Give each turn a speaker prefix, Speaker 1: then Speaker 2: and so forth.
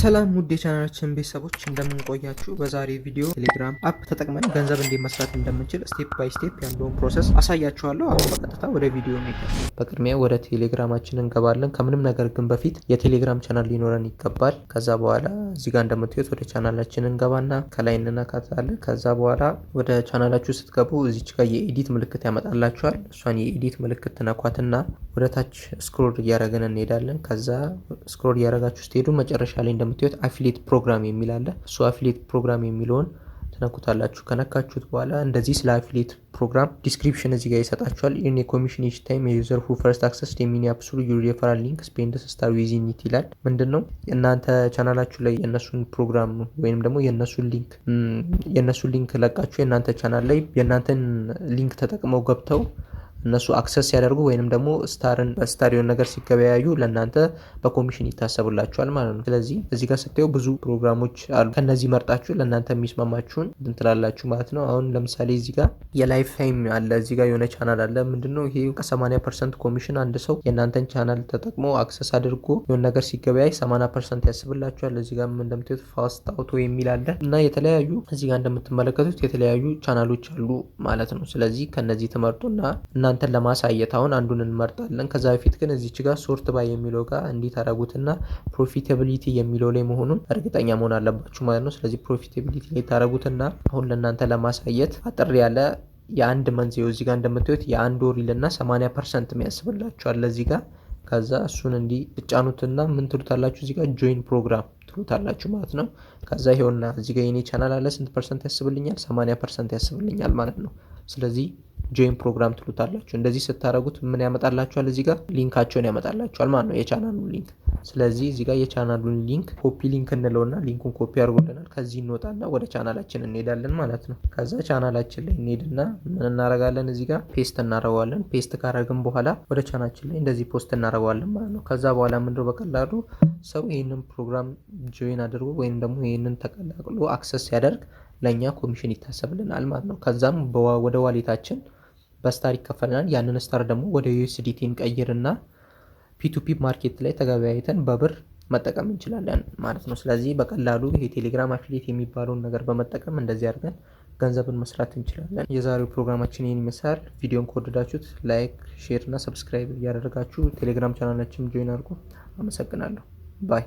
Speaker 1: ሰላም ውድ የቻናላችን ቤተሰቦች እንደምንቆያችሁ፣ በዛሬ ቪዲዮ ቴሌግራም አፕ ተጠቅመን ገንዘብ እንዴት መስራት እንደምንችል ስቴፕ ባይ ስቴፕ ያለውን ፕሮሰስ አሳያችኋለሁ። አሁን በቀጥታ ወደ ቪዲዮ እንሄዳለን። በቅድሚያ ወደ ቴሌግራማችን እንገባለን። ከምንም ነገር ግን በፊት የቴሌግራም ቻናል ሊኖረን ይገባል። ከዛ በኋላ እዚህ ጋር እንደምትዩት ወደ ቻናላችን እንገባና ከላይ እንነካታለን። ከዛ በኋላ ወደ ቻናላችሁ ስትገቡ እዚች ጋር የኤዲት ምልክት ያመጣላችኋል። እሷን የኤዲት ምልክት ትነኳትና ወደታች ስክሮል እያደረግን እንሄዳለን። ከዛ ስክሮል እያደረጋችሁ ስትሄዱ መጨረሻ ላይ እንደምታዩት አፊሌት ፕሮግራም የሚል አለ። እሱ አፊሌት ፕሮግራም የሚለውን ትነኩታላችሁ። ከነካችሁት በኋላ እንደዚህ ስለ አፊሌት ፕሮግራም ዲስክሪፕሽን እዚህ ጋር ይሰጣችኋል። ኢን የኮሚሽን ኢች ታይም የዩዘር ሁ ፈርስት አክሰስ የሚኒያፕሱሉ ዩ ሬፈራል ሊንክ ስፔንድ ስታር ዊዚኒት ይላል። ምንድን ነው እናንተ ቻናላችሁ ላይ የእነሱን ፕሮግራም ወይም ደግሞ የእነሱን ሊንክ የእነሱን ሊንክ ለቃችሁ የእናንተ ቻናል ላይ የእናንተን ሊንክ ተጠቅመው ገብተው እነሱ አክሰስ ሲያደርጉ ወይንም ደግሞ ስታርን በስታሪዮን ነገር ሲገበያዩ ለእናንተ በኮሚሽን ይታሰብላችኋል ማለት ነው። ስለዚህ እዚህ ጋር ስታዩ ብዙ ፕሮግራሞች አሉ። ከነዚህ መርጣችሁ ለእናንተ የሚስማማችሁን ትላላችሁ ማለት ነው። አሁን ለምሳሌ እዚህ ጋር የላይፍ ታይም አለ፣ እዚህ ጋር የሆነ ቻናል አለ። ምንድነው ይሄ? ከ80 ፐርሰንት ኮሚሽን አንድ ሰው የእናንተን ቻናል ተጠቅሞ አክሰስ አድርጎ የሆነ ነገር ሲገበያይ 80 ፐርሰንት ያስብላችኋል። እዚህ ጋር እንደምታዩት ፋስት አውቶ የሚል አለ እና የተለያዩ እዚህ ጋር እንደምትመለከቱት የተለያዩ ቻናሎች አሉ ማለት ነው። ስለዚህ ከነዚህ ተመርጡና እናንተን ለማሳየት አሁን አንዱን እንመርጣለን። ከዛ በፊት ግን እዚች ጋር ሶርት ባይ የሚለው ጋር እንዴት አረጉትና ፕሮፊታቢሊቲ የሚለው ላይ መሆኑን እርግጠኛ መሆን አለባችሁ ማለት ነው። ስለዚህ ፕሮፊታቢሊቲ ላይ ታረጉትና አሁን ለእናንተ ለማሳየት አጥር ያለ የአንድ መንዝኤው እዚህ ጋር እንደምታዩት የአንድ ወሪልና 80 ፐርሰንት የሚያስብላችኋል እዚህ ጋር ከዛ እሱን እንዲህ ትጫኑትና ምን ትሉታላችሁ እዚህ ጋር ጆይን ፕሮግራም ትሉታላችሁ ማለት ነው። ከዛ ይሄውና እዚህ ጋር የኔ ቻናል አለ ስንት ፐርሰንት ያስብልኛል? 80 ፐርሰንት ያስብልኛል ማለት ነው። ስለዚህ ጆይን ፕሮግራም ትሉታላችሁ። እንደዚህ ስታደረጉት ምን ያመጣላችኋል? እዚህ ጋር ሊንካቸውን ያመጣላችኋል ማለት ነው፣ የቻናሉን ሊንክ። ስለዚህ እዚህ ጋር የቻናሉን ሊንክ ኮፒ ሊንክ እንለውና ሊንኩን ኮፒ አድርጎልናል። ከዚህ እንወጣና ወደ ቻናላችን እንሄዳለን ማለት ነው። ከዛ ቻናላችን ላይ እንሄድና ምን እናረጋለን? እዚህ ጋር ፔስት እናረገዋለን። ፔስት ካረግን በኋላ ወደ ቻናችን ላይ እንደዚህ ፖስት እናረገዋለን ማለት ነው። ከዛ በኋላ ምንድነው በቀላሉ ሰው ይህንን ፕሮግራም ጆይን አድርጎ ወይም ደግሞ ይህንን ተቀላቅሎ አክሰስ ሲያደርግ ለእኛ ኮሚሽን ይታሰብልናል ማለት ነው። ከዛም ወደ ዋሌታችን በስታር ይከፈልናል። ያንን ስታር ደግሞ ወደ ዩኤስዲቲ እንቀይርና ፒቱፒ ማርኬት ላይ ተገበያይተን በብር መጠቀም እንችላለን ማለት ነው። ስለዚህ በቀላሉ ይሄ ቴሌግራም አፊሊየት የሚባለውን ነገር በመጠቀም እንደዚህ አድርገን ገንዘብን መስራት እንችላለን። የዛሬው ፕሮግራማችን ይህን ይመስላል። ቪዲዮን ከወደዳችሁት ላይክ፣ ሼር እና ሰብስክራይብ እያደረጋችሁ ቴሌግራም ቻናላችን ጆይን አድርጉ። አመሰግናለሁ። ባይ